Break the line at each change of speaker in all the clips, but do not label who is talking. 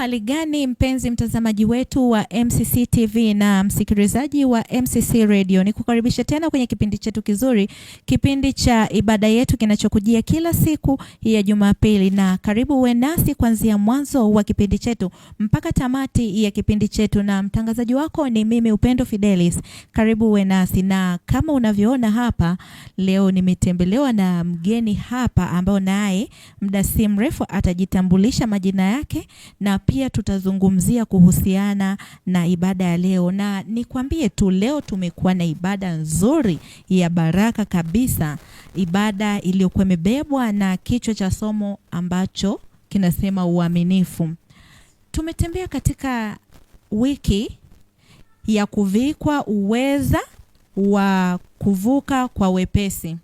Hali gani mpenzi mtazamaji wetu wa MCC TV na msikilizaji wa MCC Radio, ni kukaribisha tena kwenye kipindi chetu kizuri, kipindi cha ibada yetu kinachokujia kila siku ya Jumapili, na karibu uwe nasi kuanzia mwanzo wa kipindi chetu mpaka tamati ya kipindi chetu, na mtangazaji wako ni mimi Upendo Fidelis. Karibu uwe nasi, na kama unavyoona hapa leo nimetembelewa na mgeni hapa, ambao naye muda si mrefu atajitambulisha majina yake na pia tutazungumzia kuhusiana na ibada ya leo, na nikwambie tu leo tumekuwa na ibada nzuri ya baraka kabisa, ibada iliyokuwa imebebwa na kichwa cha somo ambacho kinasema uaminifu. Tumetembea katika wiki ya kuvikwa uweza wa kuvuka kwa wepesi,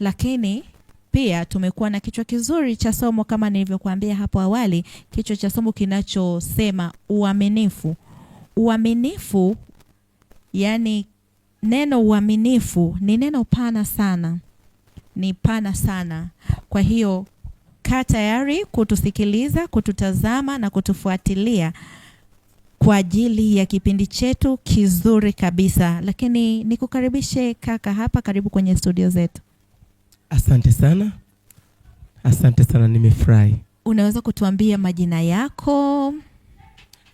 lakini pia tumekuwa na kichwa kizuri cha somo kama nilivyokuambia hapo awali, kichwa cha somo kinachosema uaminifu. Uaminifu, yani neno uaminifu ni neno pana sana, ni pana sana. Kwa hiyo kaa tayari kutusikiliza, kututazama na kutufuatilia kwa ajili ya kipindi chetu kizuri kabisa. Lakini nikukaribishe kaka hapa, karibu kwenye studio zetu.
Asante sana, asante sana, nimefurahi.
Unaweza kutuambia majina yako?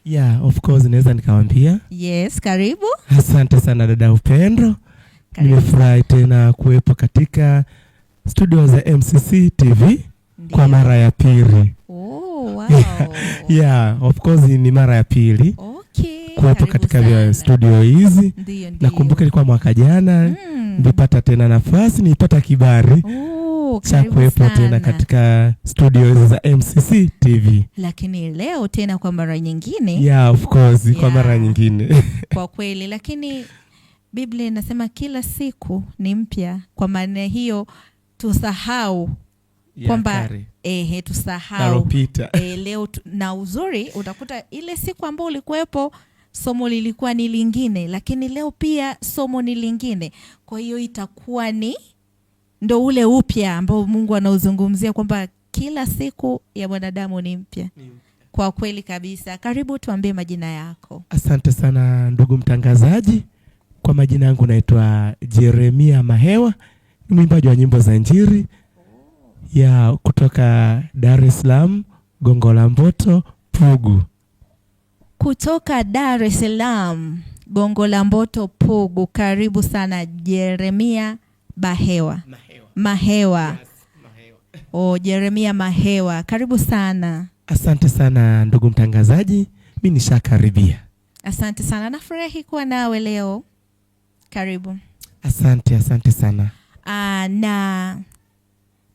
Yeah, of course naweza nikawambia.
Yes, karibu.
Asante sana dada Upendo, nimefurahi tena kuwepo katika studio za MCC TV Ndiyo. kwa mara ya pili.
Oh, wow. yeah,
yeah, of course ni mara ya pili oh kuwepo katika studio hizi nakumbuka ilikuwa mwaka jana hmm. nilipata mm. tena nafasi nilipata kibari cha kuwepo tena katika studio hizi za MCC TV,
lakini leo tena kwa mara nyingine
yeah, of course yeah. kwa mara nyingine
kwa kweli, lakini Biblia inasema kila siku ni mpya. Kwa maana hiyo tusahau kwamba ehe, tusahau e, leo tu, na uzuri utakuta ile siku ambayo ulikuwepo somo lilikuwa ni lingine, lakini leo pia somo ni lingine. Kwa hiyo itakuwa ni ndo ule upya ambao Mungu anauzungumzia kwamba kila siku ya mwanadamu ni mpya. Kwa kweli kabisa. Karibu tuambie majina yako.
Asante sana ndugu mtangazaji. Kwa majina yangu naitwa Jeremia Mahewa, ni mwimbaji wa nyimbo za Injili ya kutoka Dar es Salaam, Gongo la Mboto, Pugu.
Kutoka Dar es Salaam, Gongo la Mboto Pugu, karibu sana Jeremia Bahewa Mahewa, Mahewa. Yes, Mahewa. Oh, Jeremia Mahewa karibu sana.
Asante sana ndugu mtangazaji, mimi nishakaribia.
Asante sana, nafurahi kuwa nawe leo. Karibu.
Asante, asante sana.
Aa, ah, na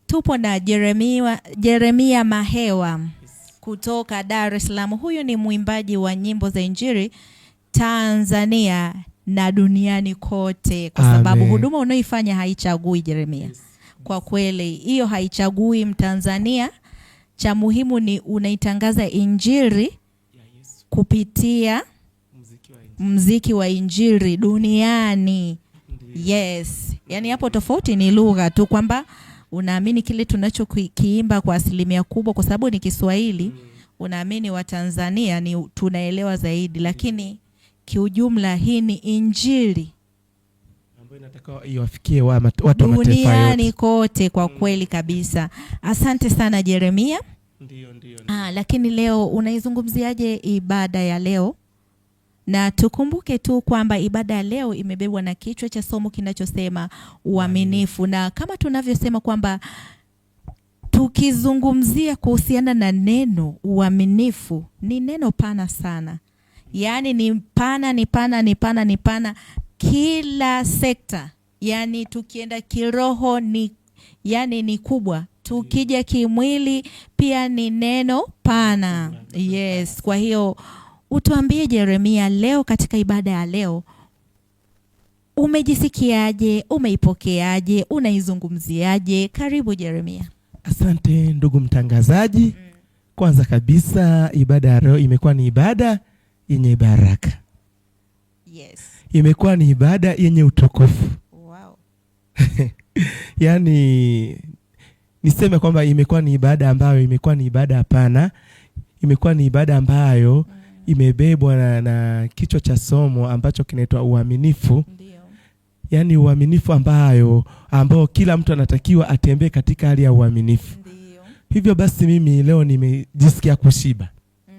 tupo na Jeremia, Jeremia Mahewa kutoka Dar es Salaam. Huyu ni mwimbaji wa nyimbo za Injili Tanzania na duniani kote, kwa sababu huduma unaoifanya haichagui Jeremia. Yes. Kwa kweli hiyo haichagui Mtanzania, cha muhimu ni unaitangaza Injili kupitia mziki wa Injili duniani. Yes, yaani hapo tofauti ni lugha tu kwamba unaamini kile tunachokiimba kwa asilimia kubwa, kwa sababu ni Kiswahili, mm. unaamini Watanzania ni tunaelewa zaidi, mm. lakini kiujumla hii ni injili
iwafikie watu duniani
kote kwa mm. kweli kabisa. Asante sana Jeremia.
Ndiyo, ndiyo, ndiyo.
Ah, lakini leo unaizungumziaje ibada ya leo? na tukumbuke tu kwamba ibada ya leo imebebwa na kichwa cha somo kinachosema uaminifu, na kama tunavyosema kwamba tukizungumzia kuhusiana na neno uaminifu, ni neno pana sana, yaani ni pana, ni pana, ni pana, ni pana kila sekta, yaani tukienda kiroho ni yaani ni kubwa tukija kimwili pia ni neno pana. Yes, kwa hiyo Utuambie Jeremia, leo katika ibada ya leo umejisikiaje? Umeipokeaje? Unaizungumziaje? Karibu Jeremia.
Asante ndugu mtangazaji. Kwanza kabisa ibada ya leo imekuwa ni ibada yenye baraka. Yes. Imekuwa ni ibada yenye utukufu. Wow. Yaani niseme kwamba imekuwa ni ibada ambayo imekuwa ni ibada hapana, imekuwa ni ibada ambayo mm imebebwa na, na kichwa cha somo ambacho kinaitwa uaminifu. Ndiyo. Yani uaminifu ambayo ambao kila mtu anatakiwa atembee katika hali ya uaminifu. Ndiyo. Hivyo basi mimi leo nimejisikia kushiba mm.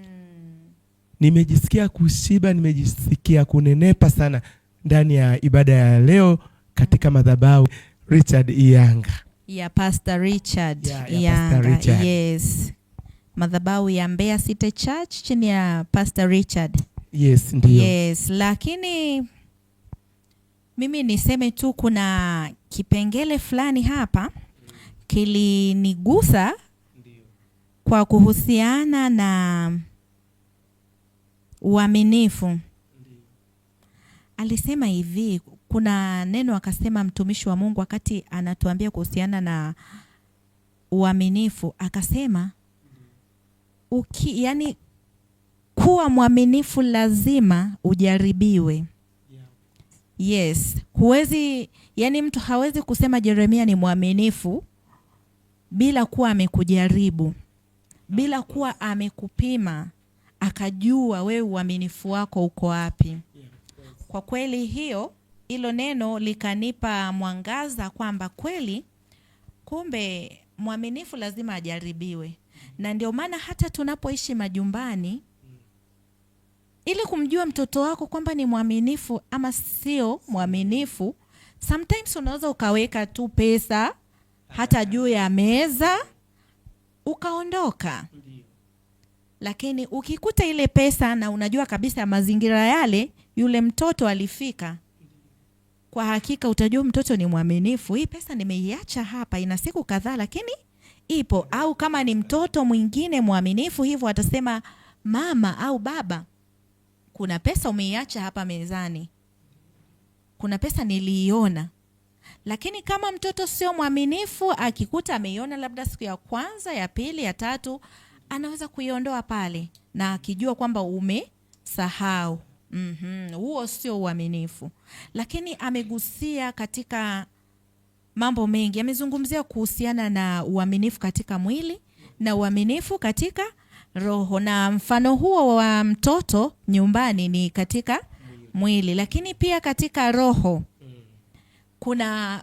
Nimejisikia kushiba, nimejisikia kunenepa sana ndani ya ibada ya leo katika madhabahu Richard Iyanga
ya Pastor Richard Iyanga. Yes madhabahu ya Mbeya City Church chini ya Pastor Richard. Yes, ndio. Yes, lakini mimi niseme tu kuna kipengele fulani hapa kilinigusa kwa kuhusiana na uaminifu. Alisema hivi, kuna neno akasema mtumishi wa Mungu wakati anatuambia kuhusiana na uaminifu, akasema uki, yani kuwa mwaminifu lazima ujaribiwe. Yes, huwezi yani, mtu hawezi kusema Jeremia ni mwaminifu bila kuwa amekujaribu, bila kuwa amekupima akajua wewe uaminifu wako uko wapi. Kwa kweli hiyo hilo neno likanipa mwangaza kwamba kweli kumbe mwaminifu lazima ajaribiwe na ndio maana hata tunapoishi majumbani, ili kumjua mtoto wako kwamba ni mwaminifu ama sio mwaminifu, sometimes unaweza ukaweka tu pesa hata juu ya meza ukaondoka. Lakini ukikuta ile pesa na unajua kabisa mazingira yale yule mtoto alifika, kwa hakika utajua mtoto ni mwaminifu. Hii pesa nimeiacha hapa, ina siku kadhaa, lakini ipo, au kama ni mtoto mwingine mwaminifu hivyo atasema mama au baba, kuna pesa umeiacha hapa mezani, kuna pesa niliiona. Lakini kama mtoto sio mwaminifu, akikuta ameiona labda siku ya kwanza, ya pili, ya tatu, anaweza kuiondoa pale, na akijua kwamba umesahau. Mm-hmm. Huo sio uaminifu, lakini amegusia katika mambo mengi, amezungumzia kuhusiana na uaminifu katika mwili na uaminifu katika roho, na mfano huo wa mtoto nyumbani ni katika mwili, lakini pia katika roho kuna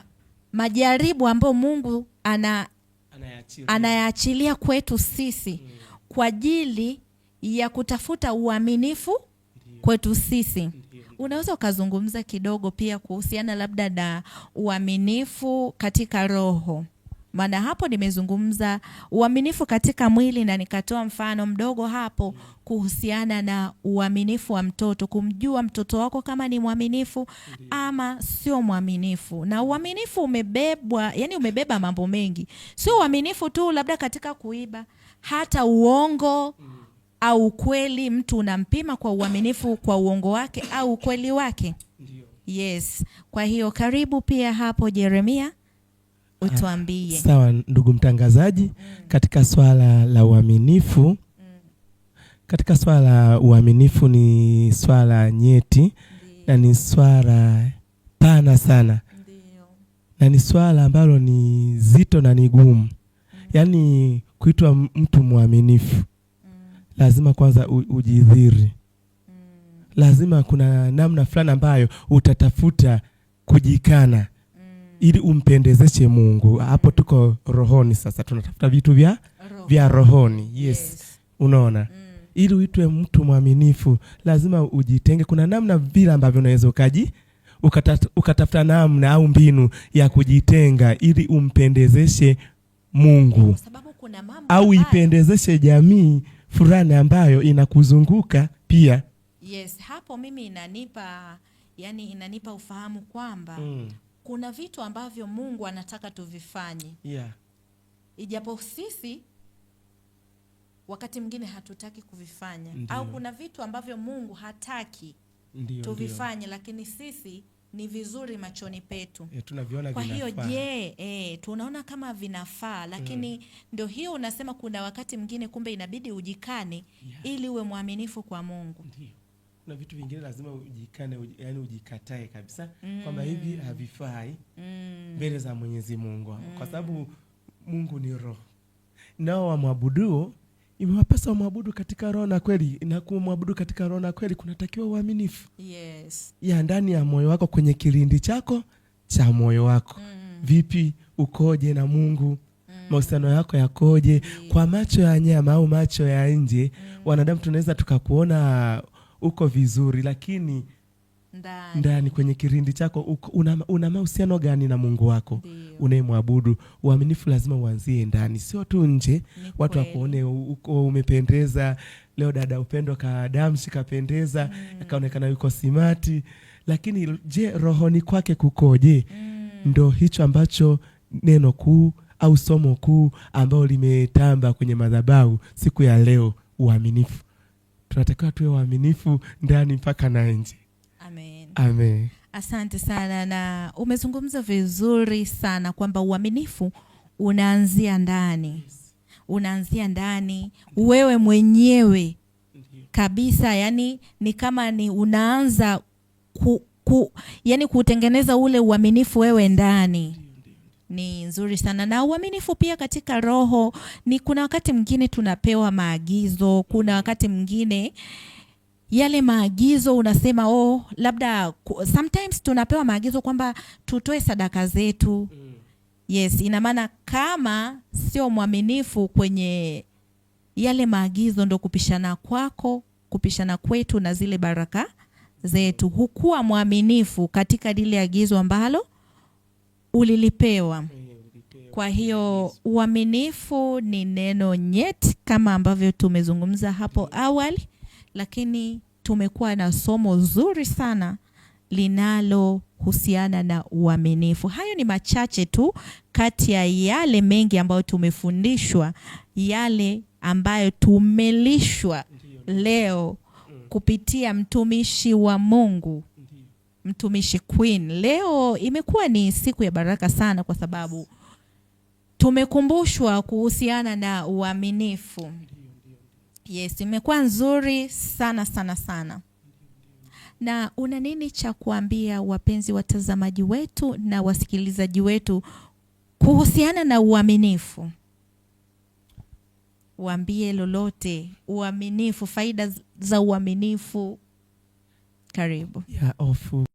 majaribu ambayo Mungu ana anayaachilia kwetu sisi kwa ajili ya kutafuta uaminifu kwetu sisi. Unaweza ukazungumza kidogo pia kuhusiana labda na uaminifu katika roho, maana hapo nimezungumza uaminifu katika mwili na nikatoa mfano mdogo hapo kuhusiana na uaminifu wa mtoto, kumjua mtoto wako kama ni mwaminifu ama sio mwaminifu. Na uaminifu umebebwa, yani umebeba mambo mengi, sio uaminifu tu labda katika kuiba, hata uongo mm au kweli mtu unampima kwa uaminifu kwa uongo wake au ukweli wake. Yes. Kwa hiyo karibu pia hapo Jeremia utuambie.
Sawa, ndugu mtangazaji, katika swala la uaminifu katika swala la uaminifu ni swala nyeti Ndiyo. na ni swala pana sana Ndiyo. na ni swala ambalo ni zito na ni gumu, yaani kuitwa mtu mwaminifu lazima kwanza ujidhiri. Mm. Lazima kuna namna fulani ambayo utatafuta kujikana mm. ili umpendezeshe Mungu. Hapo tuko rohoni sasa, tunatafuta vitu vya vya rohoni yes, yes. Unaona mm. ili uitwe mtu mwaminifu lazima ujitenge. Kuna namna vile ambavyo unaweza ukaji ukatafuta namna au mbinu ya kujitenga ili umpendezeshe Mungu au ipendezeshe jamii fulani ambayo inakuzunguka pia.
Yes, hapo mimi inanipa yani inanipa ufahamu kwamba mm. kuna vitu ambavyo Mungu anataka tuvifanye yeah. Ijapo sisi wakati mwingine hatutaki kuvifanya ndiyo. Au kuna vitu ambavyo Mungu hataki ndiyo, tuvifanye ndiyo. Lakini sisi ni vizuri machoni petu e,
eh, tunaviona kwa hiyo
je, e, tunaona kama vinafaa, lakini mm. ndio hiyo unasema kuna wakati mwingine kumbe inabidi ujikane yeah. ili uwe mwaminifu kwa Mungu
Ndiyo. Kuna vitu vingine lazima ujikane, uj, yani ujikatae kabisa mm. kwamba hivi havifai mm. mbele za Mwenyezi Mungu mm. kwa sababu Mungu ni roho nao wamwabuduo imewapasa mwabudu katika roho na kweli, na kumwabudu katika roho na kweli kunatakiwa uaminifu
yes.
ya ndani ya moyo wako, kwenye kilindi chako cha moyo wako mm. Vipi, ukoje na Mungu mm. mahusiano yako yakoje? yeah. kwa macho ya nyama au macho ya nje mm. wanadamu tunaweza tukakuona uko vizuri, lakini ndani, ndani kwenye kirindi chako una, una mahusiano gani na Mungu wako unayemwabudu? Uaminifu lazima uanzie ndani, sio tu nje watu wakuone uko oh, umependeza. Leo dada Upendo kadamshi kapendeza, mm. akaonekana yuko simati, lakini je, rohoni kwake kukoje? mm. Ndo hicho ambacho neno kuu au somo kuu ambao limetamba kwenye madhabahu siku ya leo, uaminifu. Tunatakiwa tuwe waaminifu ndani mpaka na nje. Amen.
Asante sana na umezungumza vizuri sana kwamba uaminifu unaanzia ndani, unaanzia ndani wewe mwenyewe kabisa. Yani ni kama ni unaanza ku, ku, yani kutengeneza ule uaminifu wewe ndani ni nzuri sana na uaminifu pia katika roho. Ni kuna wakati mwingine tunapewa maagizo, kuna wakati mwingine yale maagizo unasema oh, labda sometimes tunapewa maagizo kwamba tutoe sadaka zetu mm. Yes, ina maana kama sio mwaminifu kwenye yale maagizo, ndo kupishana kwako, kupishana kwetu na zile baraka zetu. Hukuwa mwaminifu katika lile agizo ambalo ulilipewa. Kwa hiyo uaminifu ni neno nyeti kama ambavyo tumezungumza hapo mm. awali lakini tumekuwa na somo zuri sana linalohusiana na uaminifu. Hayo ni machache tu kati ya yale mengi ambayo tumefundishwa, yale ambayo tumelishwa leo mm. kupitia mtumishi wa Mungu mtumishi Queen. Leo imekuwa ni siku ya baraka sana kwa sababu tumekumbushwa kuhusiana na uaminifu. Yes, imekuwa nzuri sana sana sana. Na una nini cha kuambia wapenzi watazamaji wetu na wasikilizaji wetu kuhusiana na uaminifu? Waambie lolote, uaminifu, faida za uaminifu. Karibu.
Yeah, ofu.